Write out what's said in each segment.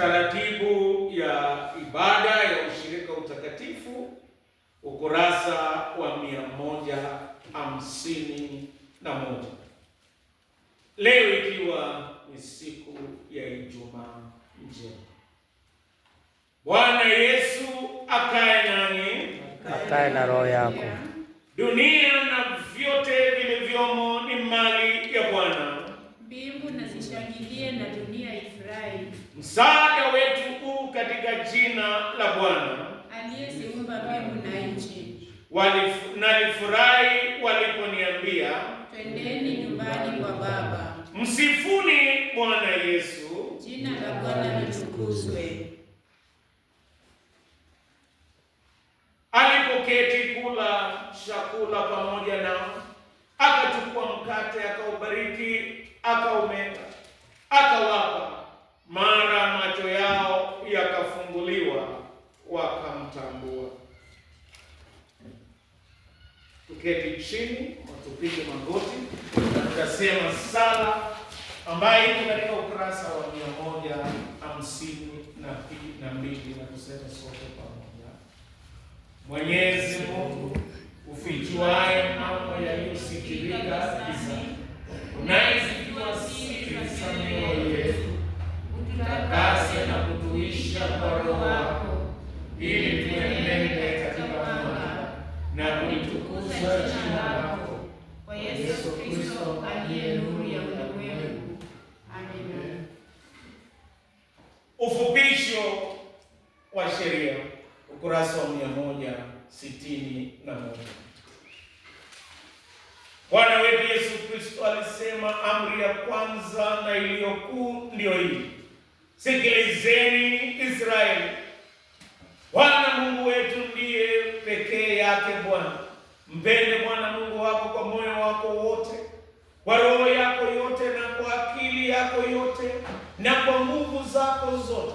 taratibu ya ibada ya ushirika utakatifu, ukurasa wa mia moja hamsini na moja. Leo ikiwa ni siku ya Ijumaa njema, Bwana Yesu akae nani? Akae na roho yako. Dunia na vyote vilivyomo ni mali ya Bwana. Mbingu na zishangilie na dunia ifurahi. Msaada wetu huu katika jina la Bwana aliyeziumba mbingu na nchi. Nalifurahi waliponiambia twendeni nyumbani kwa Baba. Msifuni Bwana Yesu, jina la Bwana litukuzwe. Alipoketi kula chakula pamoja nao, akachukua mkate, akaubariki, akaumega, akawa tuketi chini watupige magoti na tutasema sala ambayo iko katika ukurasa wa mia moja hamsini na mbili na kusema sote pamoja: Mwenyezi Mungu ufichuaye Kristo aliye nuru ya ulimwengu. Ufupisho wa sheria, ukurasa wa mia moja sitini na moja. Bwana wetu Yesu Kristo alisema, amri ya kwanza na iliyokuu ndiyo hii, sikilizeni Israeli, Bwana Mungu wetu ndiye pekee yake Bwana. Mpende Bwana Mungu wako kwa moyo wako wote kwa roho yako yote na kwa akili yako yote na kwa nguvu zako zote.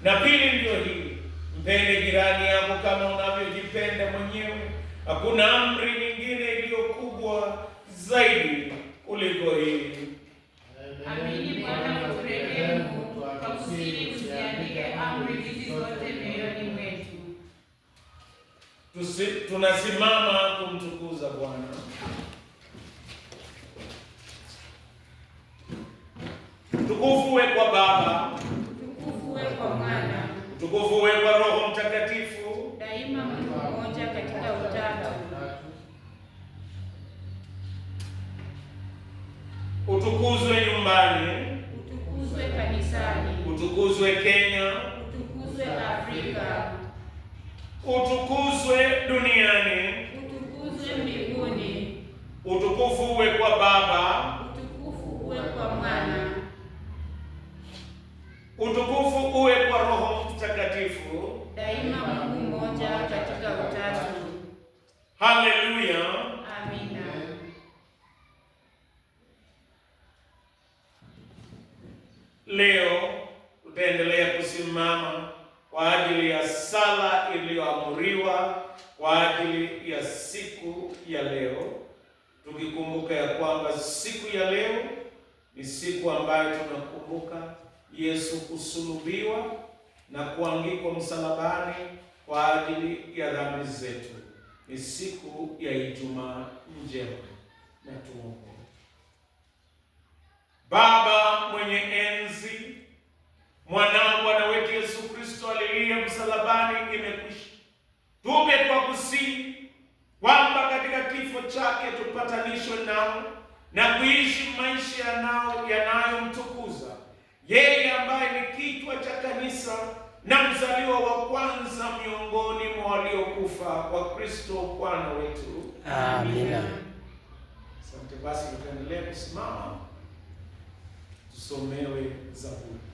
Na pili ndio hili, mpende jirani yako kama unavyojipenda mwenyewe. Hakuna amri nyingine iliyo kubwa zaidi kuliko hili. Amini Bwana kwa amri hizi zote mioyoni mwetu. Tunasimama kumtukuza Bwana. Utukufu uwe kwa Baba, utukufu uwe kwa Mwana, utukufu uwe kwa Roho Mtakatifu, daima Mungu mmoja katika Utatu. Utukuzwe nyumbani, utukuzwe kanisani, utukuzwe Kenya, utukuzwe Afrika, utukuzwe duniani, utukuzwe mbinguni. Utukufu uwe kwa Baba Utukufu uwe kwa Roho Mtakatifu daima Mungu mmoja katika utatu. Haleluya, amina. Leo utaendelea kusimama kwa ajili ya sala iliyoamuriwa kwa ajili ya siku ya leo, tukikumbuka ya kwamba siku ya leo ni siku ambayo tunakumbuka Yesu kusulubiwa na kuangikwa msalabani kwa ajili ya dhambi zetu. Ni siku ya Ijumaa njema. Na tuombe. Baba mwenye enzi, mwanao Bwana wetu Yesu Kristo alilia msalabani, imekwisha. Tupe kwa kusii kwamba katika kifo chake tupatanishwe nao na kuishi maisha yanao yanayo yeye ambaye ni kichwa cha kanisa na mzaliwa wa kwanza miongoni mwa waliokufa kwa Kristo Bwana wetu. Amina. Asante. Basi tukaendelee kusimama tusomewe Zaburi.